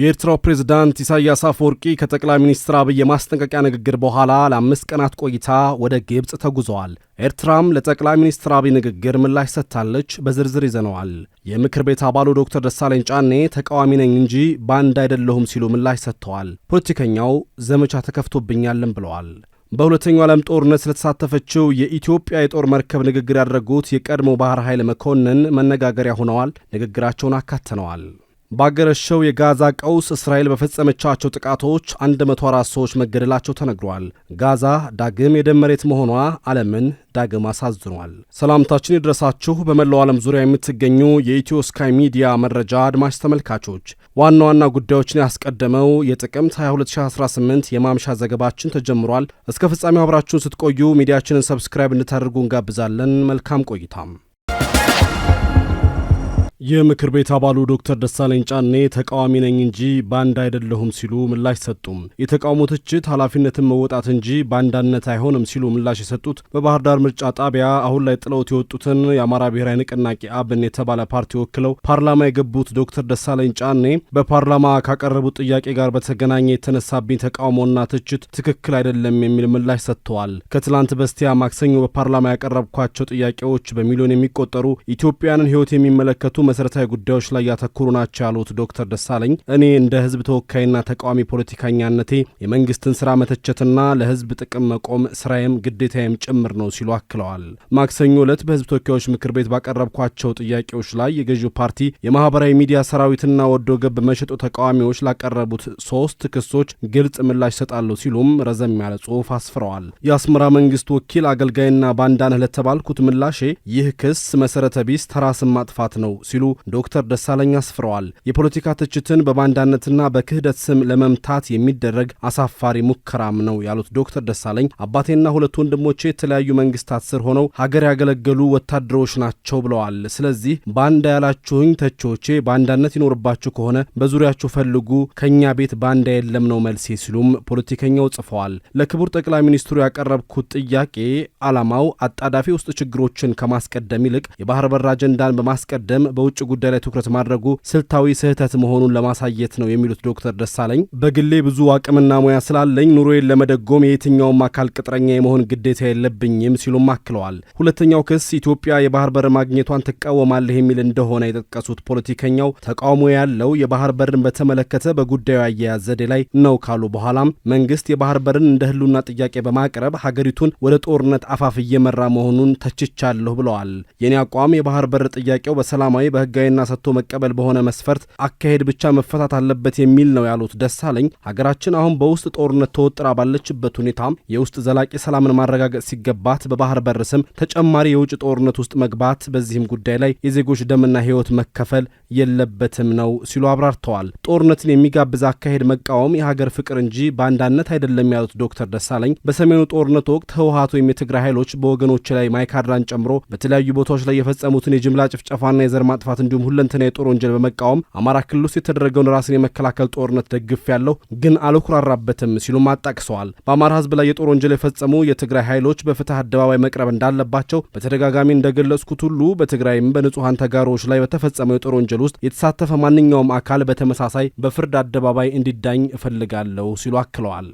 የኤርትራው ፕሬዝዳንት ኢሳያስ አፈወርቂ ከጠቅላይ ሚኒስትር አብይ የማስጠንቀቂያ ንግግር በኋላ ለአምስት ቀናት ቆይታ ወደ ግብፅ ተጉዘዋል። ኤርትራም ለጠቅላይ ሚኒስትር አብይ ንግግር ምላሽ ሰጥታለች። በዝርዝር ይዘነዋል። የምክር ቤት አባሉ ዶክተር ደሳለኝ ጫኔ ተቃዋሚ ነኝ እንጂ ባንድ አይደለሁም ሲሉ ምላሽ ሰጥተዋል። ፖለቲከኛው ዘመቻ ተከፍቶብኛልም ብለዋል። በሁለተኛው ዓለም ጦርነት ስለተሳተፈችው የኢትዮጵያ የጦር መርከብ ንግግር ያደረጉት የቀድሞ ባህር ኃይል መኮንን መነጋገሪያ ሆነዋል። ንግግራቸውን አካተነዋል። ባገረሸው የጋዛ ቀውስ እስራኤል በፈጸመቻቸው ጥቃቶች 104 ሰዎች መገደላቸው ተነግሯል። ጋዛ ዳግም የደም መሬት መሆኗ ዓለምን ዳግም አሳዝኗል። ሰላምታችን ይድረሳችሁ በመላው ዓለም ዙሪያ የምትገኙ የኢትዮ ስካይ ሚዲያ መረጃ አድማጭ ተመልካቾች፣ ዋና ዋና ጉዳዮችን ያስቀደመው የጥቅምት 22018 የማምሻ ዘገባችን ተጀምሯል። እስከ ፍጻሜው አብራችሁን ስትቆዩ ሚዲያችንን ሰብስክራይብ እንድታደርጉ እንጋብዛለን። መልካም ቆይታም የምክር ቤት አባሉ ዶክተር ደሳለኝ ጫኔ ተቃዋሚ ነኝ እንጂ ባንዳ አይደለሁም ሲሉ ምላሽ ሰጡም። የተቃውሞ ትችት ኃላፊነትን መወጣት እንጂ ባንዳነት አይሆንም ሲሉ ምላሽ የሰጡት በባህር ዳር ምርጫ ጣቢያ አሁን ላይ ጥለውት የወጡትን የአማራ ብሔራዊ ንቅናቄ አብን የተባለ ፓርቲ ወክለው ፓርላማ የገቡት ዶክተር ደሳለኝ ጫኔ በፓርላማ ካቀረቡት ጥያቄ ጋር በተገናኘ የተነሳብኝ ተቃውሞና ትችት ትክክል አይደለም የሚል ምላሽ ሰጥተዋል። ከትላንት በስቲያ ማክሰኞ በፓርላማ ያቀረብኳቸው ጥያቄዎች በሚሊዮን የሚቆጠሩ ኢትዮጵያንን ሕይወት የሚመለከቱ መሰረታዊ ጉዳዮች ላይ ያተኩሩ ናቸው ያሉት ዶክተር ደሳለኝ እኔ እንደ ህዝብ ተወካይና ተቃዋሚ ፖለቲከኛነቴ የመንግስትን ስራ መተቸትና ለህዝብ ጥቅም መቆም ስራዬም ግዴታዬም ጭምር ነው ሲሉ አክለዋል። ማክሰኞ ዕለት በህዝብ ተወካዮች ምክር ቤት ባቀረብኳቸው ጥያቄዎች ላይ የገዢው ፓርቲ የማህበራዊ ሚዲያ ሰራዊትና ወዶ ገብ መሸጡ ተቃዋሚዎች ላቀረቡት ሶስት ክሶች ግልጽ ምላሽ ይሰጣሉ ሲሉም ረዘም ያለ ጽሑፍ አስፍረዋል። የአስመራ መንግስት ወኪል አገልጋይና ባንዳነህ ለተባልኩት ምላሼ ይህ ክስ መሰረተ ቢስ ተራስን ማጥፋት ነው ሲሉ ሲሉ ዶክተር ደሳለኝ አስፍረዋል። የፖለቲካ ትችትን በባንዳነትና በክህደት ስም ለመምታት የሚደረግ አሳፋሪ ሙከራም ነው ያሉት ዶክተር ደሳለኝ አባቴና ሁለት ወንድሞቼ የተለያዩ መንግስታት ስር ሆነው ሀገር ያገለገሉ ወታደሮች ናቸው ብለዋል። ስለዚህ ባንዳ ያላችሁኝ ተቺዎቼ ባንዳነት ይኖርባችሁ ከሆነ በዙሪያችሁ ፈልጉ፣ ከእኛ ቤት ባንዳ የለም ነው መልሴ ሲሉም ፖለቲከኛው ጽፈዋል። ለክቡር ጠቅላይ ሚኒስትሩ ያቀረብኩት ጥያቄ ዓላማው አጣዳፊ ውስጥ ችግሮችን ከማስቀደም ይልቅ የባህር በር አጀንዳን በማስቀደም በ የውጭ ጉዳይ ላይ ትኩረት ማድረጉ ስልታዊ ስህተት መሆኑን ለማሳየት ነው የሚሉት ዶክተር ደሳለኝ በግሌ ብዙ አቅምና ሙያ ስላለኝ ኑሮዬን ለመደጎም የየትኛውም አካል ቅጥረኛ የመሆን ግዴታ የለብኝም ሲሉም አክለዋል። ሁለተኛው ክስ ኢትዮጵያ የባህር በር ማግኘቷን ትቃወማለህ የሚል እንደሆነ የጠቀሱት ፖለቲከኛው ተቃውሞ ያለው የባህር በርን በተመለከተ በጉዳዩ አያያዝ ዘዴ ላይ ነው ካሉ በኋላም መንግስት የባህር በርን እንደ ህልውና ጥያቄ በማቅረብ ሀገሪቱን ወደ ጦርነት አፋፍ እየመራ መሆኑን ተችቻለሁ ብለዋል። የኔ አቋም የባህር በር ጥያቄው በሰላማዊ በህጋዊና ሰጥቶ መቀበል በሆነ መስፈርት አካሄድ ብቻ መፈታት አለበት የሚል ነው ያሉት ደሳለኝ ሀገራችን አሁን በውስጥ ጦርነት ተወጥራ ባለችበት ሁኔታ የውስጥ ዘላቂ ሰላምን ማረጋገጥ ሲገባት በባህር በር ስም ተጨማሪ የውጭ ጦርነት ውስጥ መግባት፣ በዚህም ጉዳይ ላይ የዜጎች ደምና ህይወት መከፈል የለበትም ነው ሲሉ አብራርተዋል። ጦርነትን የሚጋብዝ አካሄድ መቃወም የሀገር ፍቅር እንጂ በአንዳነት አይደለም ያሉት ዶክተር ደሳለኝ በሰሜኑ ጦርነት ወቅት ህወሀት ወይም የትግራይ ኃይሎች በወገኖች ላይ ማይካድራን ጨምሮ በተለያዩ ቦታዎች ላይ የፈጸሙትን የጅምላ ጭፍጨፋና የዘር በማጥፋት እንዲሁም ሁለንተና የጦር ወንጀል በመቃወም አማራ ክልል ውስጥ የተደረገውን ራስን የመከላከል ጦርነት ደግፍ ያለው ግን አልኩራራበትም ሲሉም አጣቅሰዋል። በአማራ ህዝብ ላይ የጦር ወንጀል የፈጸሙ የትግራይ ኃይሎች በፍትህ አደባባይ መቅረብ እንዳለባቸው በተደጋጋሚ እንደገለጽኩት ሁሉ በትግራይም በንጹሐን ተጋሮዎች ላይ በተፈጸመው የጦር ወንጀል ውስጥ የተሳተፈ ማንኛውም አካል በተመሳሳይ በፍርድ አደባባይ እንዲዳኝ እፈልጋለሁ ሲሉ አክለዋል።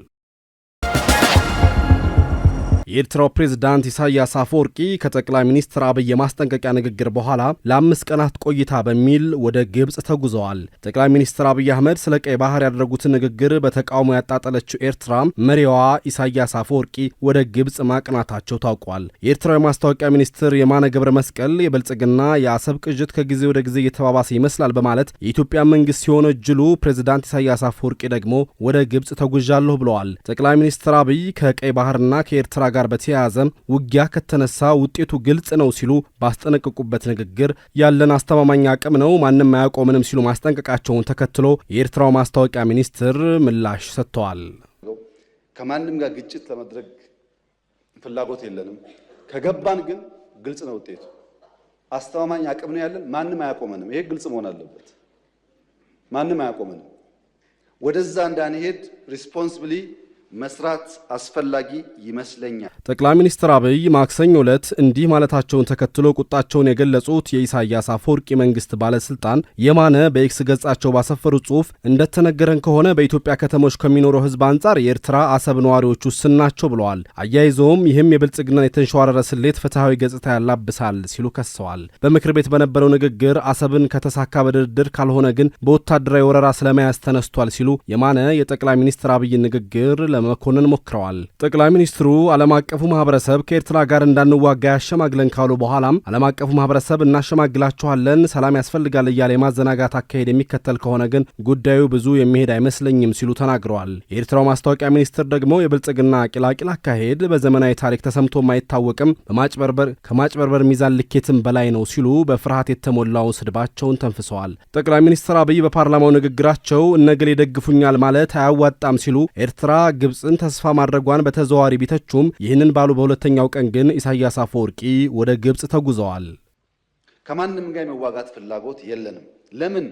የኤርትራው ፕሬዝዳንት ኢሳያስ አፈወርቂ ከጠቅላይ ሚኒስትር አብይ የማስጠንቀቂያ ንግግር በኋላ ለአምስት ቀናት ቆይታ በሚል ወደ ግብፅ ተጉዘዋል። ጠቅላይ ሚኒስትር አብይ አህመድ ስለ ቀይ ባህር ያደረጉትን ንግግር በተቃውሞ ያጣጠለችው ኤርትራ መሪዋ ኢሳያስ አፈወርቂ ወደ ግብፅ ማቅናታቸው ታውቋል። የኤርትራው የማስታወቂያ ሚኒስትር የማነ ገብረ መስቀል የብልጽግና የአሰብ ቅዥት ከጊዜ ወደ ጊዜ እየተባባሰ ይመስላል በማለት የኢትዮጵያ መንግስት እጅሉ ፕሬዝዳንት ኢሳያስ አፈወርቂ ደግሞ ወደ ግብፅ ተጉዣለሁ ብለዋል። ጠቅላይ ሚኒስትር አብይ ከቀይ ባህርና ከኤርትራ ጋር ጋር በተያያዘ ውጊያ ከተነሳ ውጤቱ ግልጽ ነው ሲሉ ባስጠነቀቁበት ንግግር ያለን አስተማማኝ አቅም ነው፣ ማንም አያቆምንም ሲሉ ማስጠንቀቃቸውን ተከትሎ የኤርትራው ማስታወቂያ ሚኒስትር ምላሽ ሰጥተዋል። ከማንም ጋር ግጭት ለመድረግ ፍላጎት የለንም። ከገባን ግን ግልጽ ነው ውጤቱ። አስተማማኝ አቅም ነው ያለን፣ ማንም አያቆመንም። ይሄ ግልጽ መሆን አለበት። ማንም አያቆመንም። ወደዛ እንዳንሄድ ሪስፖንስብሊ መስራት አስፈላጊ ይመስለኛል። ጠቅላይ ሚኒስትር አብይ ማክሰኞ ዕለት እንዲህ ማለታቸውን ተከትሎ ቁጣቸውን የገለጹት የኢሳያስ አፈወርቂ መንግስት ባለስልጣን የማነ በኤክስ ገጻቸው ባሰፈሩት ጽሁፍ እንደተነገረን ከሆነ በኢትዮጵያ ከተሞች ከሚኖረው ህዝብ አንጻር የኤርትራ አሰብ ነዋሪዎች ውስን ናቸው ብለዋል። አያይዘውም ይህም የብልጽግና የተንሸዋረረ ስሌት ፍትሐዊ ገጽታ ያላብሳል ሲሉ ከሰዋል። በምክር ቤት በነበረው ንግግር አሰብን ከተሳካ በድርድር ካልሆነ ግን በወታደራዊ ወረራ ስለመያዝ ተነስቷል ሲሉ የማነ የጠቅላይ ሚኒስትር አብይን ንግግር ለመኮንን ሞክረዋል። ጠቅላይ ሚኒስትሩ ዓለም አቀፉ ማህበረሰብ ከኤርትራ ጋር እንዳንዋጋ ያሸማግለን ካሉ በኋላም ዓለም አቀፉ ማህበረሰብ እናሸማግላችኋለን፣ ሰላም ያስፈልጋል እያለ የማዘናጋት አካሄድ የሚከተል ከሆነ ግን ጉዳዩ ብዙ የሚሄድ አይመስለኝም ሲሉ ተናግረዋል። የኤርትራው ማስታወቂያ ሚኒስትር ደግሞ የብልጽግና ቂላቂል አካሄድ በዘመናዊ ታሪክ ተሰምቶም አይታወቅም፣ በማጭበርበር ከማጭበርበር ሚዛን ልኬትም በላይ ነው ሲሉ በፍርሃት የተሞላው ስድባቸውን ተንፍሰዋል። ጠቅላይ ሚኒስትር አብይ በፓርላማው ንግግራቸው እነገል ይደግፉኛል ማለት አያዋጣም ሲሉ ኤርትራ ግብፅን ተስፋ ማድረጓን በተዘዋዋሪ ቢተቹም ይህንን ባሉ በሁለተኛው ቀን ግን ኢሳያስ አፈወርቂ ወደ ግብፅ ተጉዘዋል። ከማንም ጋር የመዋጋት ፍላጎት የለንም። ለምን?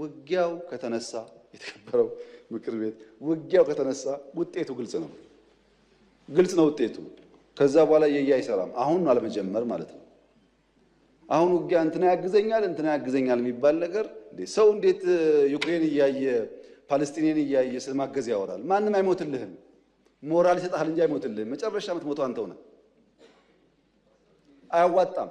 ውጊያው ከተነሳ የተከበረው ምክር ቤት ውጊያው ከተነሳ ውጤቱ ግልጽ ነው፣ ግልጽ ነው ውጤቱ። ከዛ በኋላ የየ አይሰራም። አሁን አለመጀመር ማለት ነው። አሁን ውጊያ እንትና ያግዘኛል እንትና ያግዘኛል የሚባል ነገር ሰው እንዴት ዩክሬን እያየ ፓለስቲኒን እያየ ማገዝ ያወራል። ማንም አይሞትልህም። ሞራል ይሰጣል እንጂ አይሞትልህም። መጨረሻ የምትሞተው አንተው ነህ። አያዋጣም።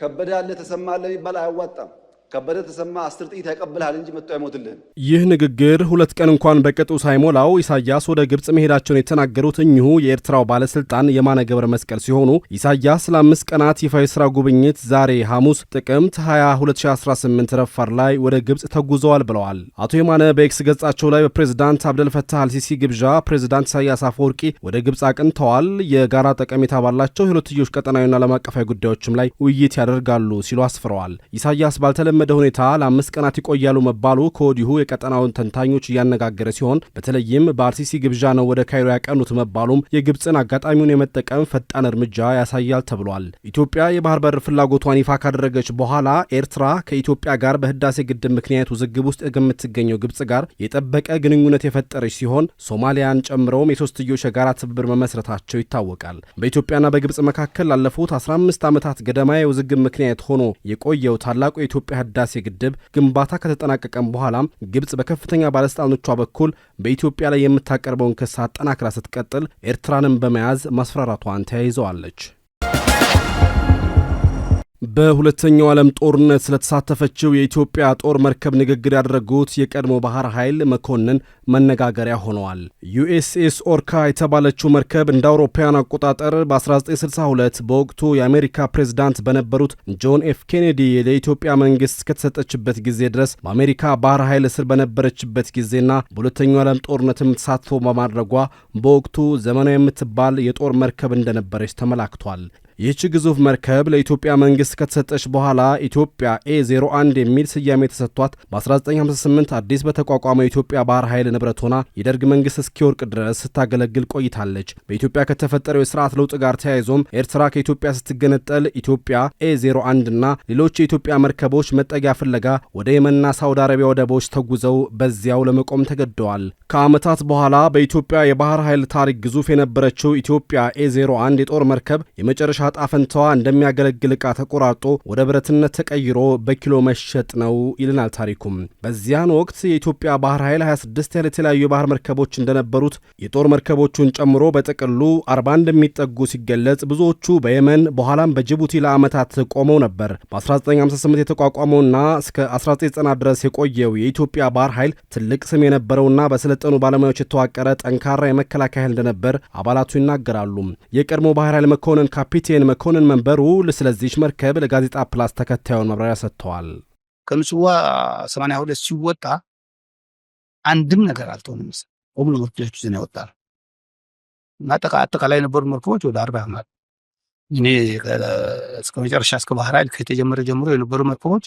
ከበደ ያለ ተሰማ አለ የሚባል አያዋጣም። ከበደ ተሰማ አስር ጥይት ያቀብልሃል እንጂ መጥቶ አይሞትልህም። ይህ ንግግር ሁለት ቀን እንኳን በቅጡ ሳይሞላው ኢሳያስ ወደ ግብፅ መሄዳቸውን የተናገሩት እኚሁ የኤርትራው ባለስልጣን የማነ ገብረ መስቀል ሲሆኑ ኢሳያስ ለአምስት ቀናት ይፋ የስራ ጉብኝት ዛሬ ሐሙስ ጥቅምት 20 2018 ረፋር ላይ ወደ ግብፅ ተጉዘዋል ብለዋል። አቶ የማነ በኤክስ ገጻቸው ላይ በፕሬዝዳንት አብደልፈታህ አልሲሲ ግብዣ ፕሬዝዳንት ኢሳያስ አፈወርቂ ወደ ግብፅ አቅንተዋል። የጋራ ጠቀሜታ ባላቸው የሁለትዮሽ ቀጠናዊና ዓለም አቀፋዊ ጉዳዮችም ላይ ውይይት ያደርጋሉ ሲሉ አስፍረዋል። ኢሳያስ ባልተለ ባልተለመደ ሁኔታ ለአምስት ቀናት ይቆያሉ መባሉ ከወዲሁ የቀጠናውን ተንታኞች እያነጋገረ ሲሆን በተለይም በአርሲሲ ግብዣ ነው ወደ ካይሮ ያቀኑት መባሉም የግብፅን አጋጣሚውን የመጠቀም ፈጣን እርምጃ ያሳያል ተብሏል። ኢትዮጵያ የባህር በር ፍላጎቷን ይፋ ካደረገች በኋላ ኤርትራ ከኢትዮጵያ ጋር በህዳሴ ግድብ ምክንያት ውዝግብ ውስጥ ከምትገኘው ግብፅ ጋር የጠበቀ ግንኙነት የፈጠረች ሲሆን ሶማሊያን ጨምረውም የሶስትዮሽ የጋራ ትብብር መመስረታቸው ይታወቃል። በኢትዮጵያና በግብፅ መካከል ላለፉት 15 ዓመታት ገደማ የውዝግብ ምክንያት ሆኖ የቆየው ታላቁ የኢትዮጵያ ህዳሴ ግድብ ግንባታ ከተጠናቀቀም በኋላም ግብጽ በከፍተኛ ባለሥልጣኖቿ በኩል በኢትዮጵያ ላይ የምታቀርበውን ክስ አጠናክራ ስትቀጥል ኤርትራንም በመያዝ ማስፈራራቷን ተያይዘዋለች። በሁለተኛው ዓለም ጦርነት ስለተሳተፈችው የኢትዮጵያ ጦር መርከብ ንግግር ያደረጉት የቀድሞ ባህር ኃይል መኮንን መነጋገሪያ ሆነዋል። ዩኤስኤስ ኦርካ የተባለችው መርከብ እንደ አውሮፓውያን አቆጣጠር በ1962 በወቅቱ የአሜሪካ ፕሬዝዳንት በነበሩት ጆን ኤፍ ኬኔዲ ለኢትዮጵያ መንግስት ከተሰጠችበት ጊዜ ድረስ በአሜሪካ ባህር ኃይል ስር በነበረችበት ጊዜና በሁለተኛው ዓለም ጦርነትም ተሳትፎ በማድረጓ በወቅቱ ዘመናዊ የምትባል የጦር መርከብ እንደነበረች ተመላክቷል። ይህች ግዙፍ መርከብ ለኢትዮጵያ መንግስት ከተሰጠች በኋላ ኢትዮጵያ ኤ01 የሚል ስያሜ የተሰጥቷት በ1958 አዲስ በተቋቋመው የኢትዮጵያ ባህር ኃይል ንብረት ሆና የደርግ መንግስት እስኪወርቅ ድረስ ስታገለግል ቆይታለች። በኢትዮጵያ ከተፈጠረው የሥርዓት ለውጥ ጋር ተያይዞም ኤርትራ ከኢትዮጵያ ስትገነጠል ኢትዮጵያ ኤ01 እና ሌሎች የኢትዮጵያ መርከቦች መጠጊያ ፍለጋ ወደ የመንና ሳውዲ አረቢያ ወደቦች ተጉዘው በዚያው ለመቆም ተገደዋል። ከዓመታት በኋላ በኢትዮጵያ የባህር ኃይል ታሪክ ግዙፍ የነበረችው ኢትዮጵያ ኤ01 የጦር መርከብ የመጨረሻ እጣ ፈንታዋ እንደሚያገለግል ዕቃ ተቆራርጦ ወደ ብረትነት ተቀይሮ በኪሎ መሸጥ ነው ይልናል ታሪኩም። በዚያን ወቅት የኢትዮጵያ ባህር ኃይል 26 ያህል የተለያዩ የባህር መርከቦች እንደነበሩት የጦር መርከቦቹን ጨምሮ በጥቅሉ 40 እንደሚጠጉ ሲገለጽ ብዙዎቹ በየመን በኋላም በጅቡቲ ለዓመታት ቆመው ነበር። በ1958 የተቋቋመውና እስከ 1990 ድረስ የቆየው የኢትዮጵያ ባህር ኃይል ትልቅ ስም የነበረውና በሰለጠኑ ባለሙያዎች የተዋቀረ ጠንካራ የመከላከያ ኃይል እንደነበር አባላቱ ይናገራሉ። የቀድሞ ባህር ኃይል መኮንን ካፒቴን ዳንኤል መኮንን መንበሩ ስለዚች መርከብ ለጋዜጣ ፕላስ ተከታዩን መብራሪያ ሰጥተዋል። ከምጽዋ 82 ሲወጣ አንድም ነገር አልተሆነ ምስል በሙሉ መርከቦች ዜና ይወጣል እና አጠቃላይ የነበሩ መርከቦች ወደ አርባ ይሆናል። እኔ እስከ መጨረሻ እስከ ባህር ኃይል ከተጀመረ ጀምሮ የነበሩ መርከቦች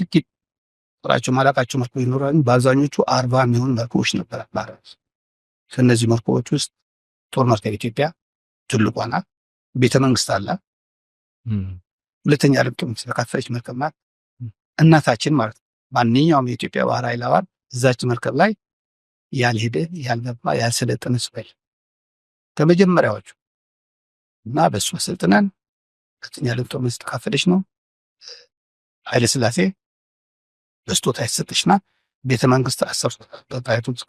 ጥቂት ቁጥራቸው ማላቃቸው መርከቦች ይኖራሉ። በአብዛኞቹ አርባ የሚሆኑ መርከቦች ነበር። ባህር ከእነዚህ መርከቦች ውስጥ ጦር መርከብ ኢትዮጵያ ትልቋ ናት። ቤተ መንግስት አለ። ሁለተኛ ልብቅ ስለካፈለች መርከብ ማለት እናታችን ማለት ነው። ማንኛውም የኢትዮጵያ ባህር ኃይል አባል እዛች መርከብ ላይ ያልሄደ ያልገባ ያልሰለጠነ ስበል ከመጀመሪያዎቹ እና በእሱ አሰልጥነን ሁለተኛ ልብጦ መንግስት ተካፈለች ነው ኃይለ ስላሴ በስጦታ የተሰጠችና ቤተ መንግስት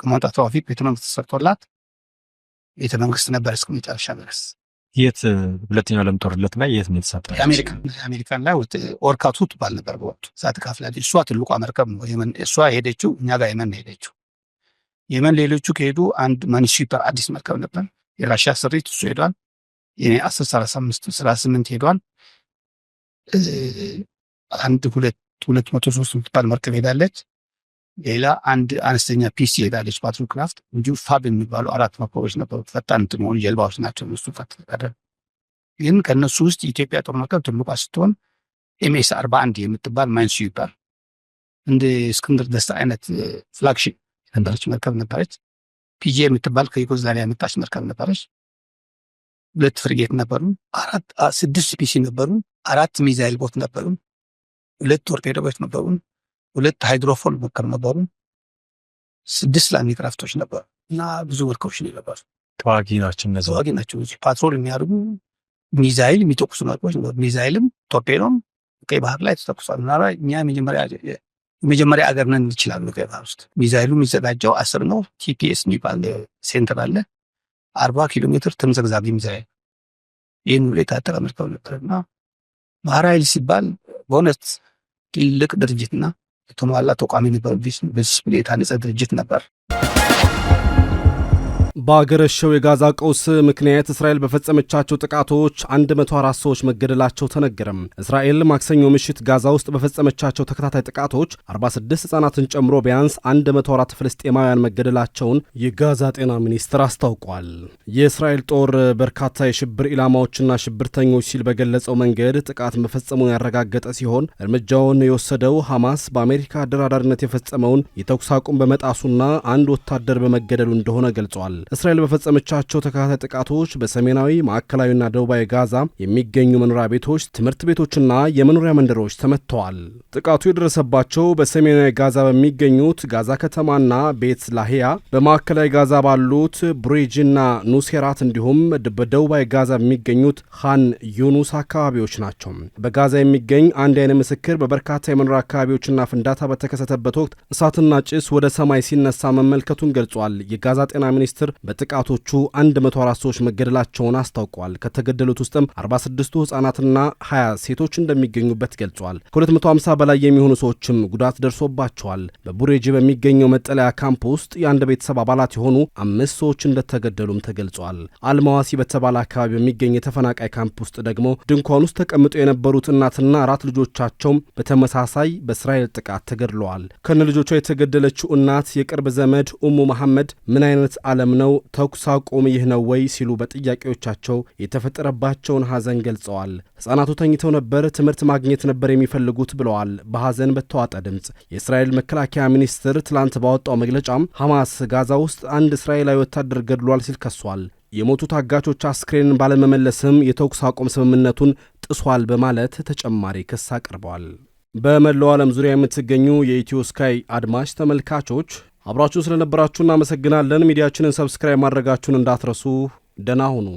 ከማውጣቷ በፊት ቤተ መንግስት ተሰርቶላት ቤተ መንግስት ነበር እስከ መጨረሻ ድረስ የት ሁለተኛው ዓለም ጦርነት ላይ የት ነው የተሳተፈ? አሜሪካን ላይ ኦርካቱ ትባል ነበር በወቅቱ እዛ ተካፍላለች። እሷ ትልቋ መርከብ ነው። እሷ ሄደችው እኛ ጋር የመን ሄደችው። የመን ሌሎቹ ከሄዱ አንድ ማኒሺፐር አዲስ መርከብ ነበር የራሽያ ስሪት እሱ ሄዷል። የኔ አስር ሰላሳ አምስት ሰላሳ ስምንት ሄዷል። አንድ ሁለት ሁለት መቶ ሶስት የምትባል መርከብ ሄዳለች። ሌላ አንድ አነስተኛ ፒሲ ሄዳለች ክራፍት እንዲሁ ፋብ የሚባሉ አራት መርከቦች ነበሩ። ፈጣን እንትን መሆኑ ጀልባዎች ናቸው እነሱ ፈጥረው ግን ከእነሱ ውስጥ ኢትዮጵያ ጦር መርከብ ትልቋ ስትሆን ኤምኤስ አርባ አንድ የምትባል ማይንሱ ይባል እንደ እስክንድር ደስታ አይነት ፍላግሺፕ የነበረች መርከብ ነበረች። ፒጂ የምትባል ከዩጎዝላቪያ የመጣች መርከብ ነበረች። ሁለት ፍርጌት ነበሩ። ስድስት ፒሲ ነበሩ። አራት ሚዛይል ቦት ነበሩ። ሁለት ቶርፔዶ ቦት ነበሩን። ሁለት ሃይድሮፎል ሞከር ነበሩ። ስድስት ላንድ ክራፍቶች ነበሩ እና ብዙ ወርከሮች ነው ነበሩ። ተዋጊ ናቸው እነዚህ ተዋጊ ናቸው። ፓትሮል የሚያደርጉ ሚዛይል የሚተኩሱ ነገሮች ነበሩ። ሚዛይልም ቶርፔዶም ቀይ ባህር ላይ ተተኩሷል እና እኛ የመጀመሪያ አገር ነን እንችላለን። ቀይ ባህር ውስጥ ሚዛይሉ የሚዘጋጀው አስር ነው። ቲፒኤስ የሚባል ሴንተር አለ። አርባ ኪሎ ሜትር ተምዘግዛቢ ሚዛይል ይህን ሁሉ የታጠቀ መርከብ ነበር እና ባህር ኃይል ሲባል በእውነት ትልቅ ድርጅትና የተሟላ ተቋም የሚባል በዚህ ሁኔታ ነጻ ድርጅት ነበር። በአገረሸው የጋዛ ቀውስ ምክንያት እስራኤል በፈጸመቻቸው ጥቃቶች 104 ሰዎች መገደላቸው ተነገረም። እስራኤል ማክሰኞ ምሽት ጋዛ ውስጥ በፈጸመቻቸው ተከታታይ ጥቃቶች 46 ሕጻናትን ጨምሮ ቢያንስ 104 ፍልስጤማውያን መገደላቸውን የጋዛ ጤና ሚኒስትር አስታውቋል። የእስራኤል ጦር በርካታ የሽብር ኢላማዎችና ሽብርተኞች ሲል በገለጸው መንገድ ጥቃት መፈጸሙን ያረጋገጠ ሲሆን እርምጃውን የወሰደው ሐማስ በአሜሪካ አደራዳሪነት የፈጸመውን የተኩስ አቁም በመጣሱና አንድ ወታደር በመገደሉ እንደሆነ ገልጿል። እስራኤል በፈጸመቻቸው ተከታታይ ጥቃቶች በሰሜናዊ ማዕከላዊና ደቡባዊ ጋዛ የሚገኙ መኖሪያ ቤቶች፣ ትምህርት ቤቶችና የመኖሪያ መንደሮች ተመትተዋል። ጥቃቱ የደረሰባቸው በሰሜናዊ ጋዛ በሚገኙት ጋዛ ከተማና ቤት ላሂያ፣ በማዕከላዊ ጋዛ ባሉት ብሪጅና ኑሴራት እንዲሁም በደቡባዊ ጋዛ የሚገኙት ሃን ዩኑስ አካባቢዎች ናቸው። በጋዛ የሚገኝ አንድ አይነ ምስክር በበርካታ የመኖሪያ አካባቢዎችና ፍንዳታ በተከሰተበት ወቅት እሳትና ጭስ ወደ ሰማይ ሲነሳ መመልከቱን ገልጿል። የጋዛ ጤና ሚኒስትር በጥቃቶቹ 104 ሰዎች መገደላቸውን አስታውቋል። ከተገደሉት ውስጥም 46ቱ ህጻናትና 20 ሴቶች እንደሚገኙበት ገልጿል። ከ250 በላይ የሚሆኑ ሰዎችም ጉዳት ደርሶባቸዋል። በቡሬጅ በሚገኘው መጠለያ ካምፕ ውስጥ የአንድ ቤተሰብ አባላት የሆኑ አምስት ሰዎች እንደተገደሉም ተገልጿል። አልማዋሲ በተባለ አካባቢ በሚገኝ የተፈናቃይ ካምፕ ውስጥ ደግሞ ድንኳን ውስጥ ተቀምጠው የነበሩት እናትና አራት ልጆቻቸውም በተመሳሳይ በእስራኤል ጥቃት ተገድለዋል። ከነ ልጆቿ የተገደለችው እናት የቅርብ ዘመድ ኡሙ መሐመድ ምን አይነት ዓለም ነው ነው? ተኩስ አቁም ይህ ነው ወይ? ሲሉ በጥያቄዎቻቸው የተፈጠረባቸውን ሐዘን ገልጸዋል። ሕፃናቱ ተኝተው ነበር፣ ትምህርት ማግኘት ነበር የሚፈልጉት ብለዋል በሐዘን በተዋጠ ድምፅ። የእስራኤል መከላከያ ሚኒስትር ትላንት ባወጣው መግለጫም ሐማስ ጋዛ ውስጥ አንድ እስራኤላዊ ወታደር ገድሏል ሲል ከሷል። የሞቱ ታጋቾች አስክሬን ባለመመለስም የተኩስ አቁም ስምምነቱን ጥሷል በማለት ተጨማሪ ክስ አቅርበዋል። በመላው ዓለም ዙሪያ የምትገኙ የኢትዮ ስካይ አድማጭ ተመልካቾች አብራችሁ ስለነበራችሁ እናመሰግናለን። ሚዲያችንን ሰብስክራይብ ማድረጋችሁን እንዳትረሱ። ደህና ሁኑ።